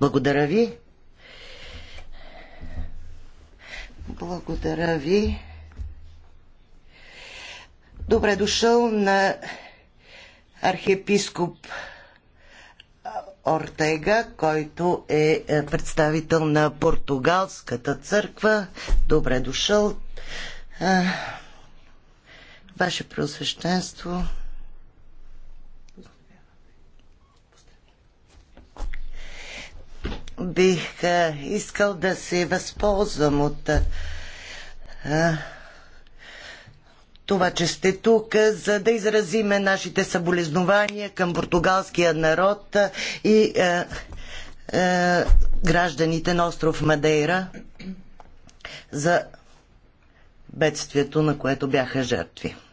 Благодаря ви. Благодаря ви. Добре дошъл на архиепископ Ортега, който е, е представител на португалската църква. Добре дошъл. Ваше Преосвещенство. бих искал да се възползвам от а, това, че сте тук, за да изразиме нашите съболезнования към португалския народ и а, а, гражданите на остров Мадейра за бедствието, на което бяха жертви.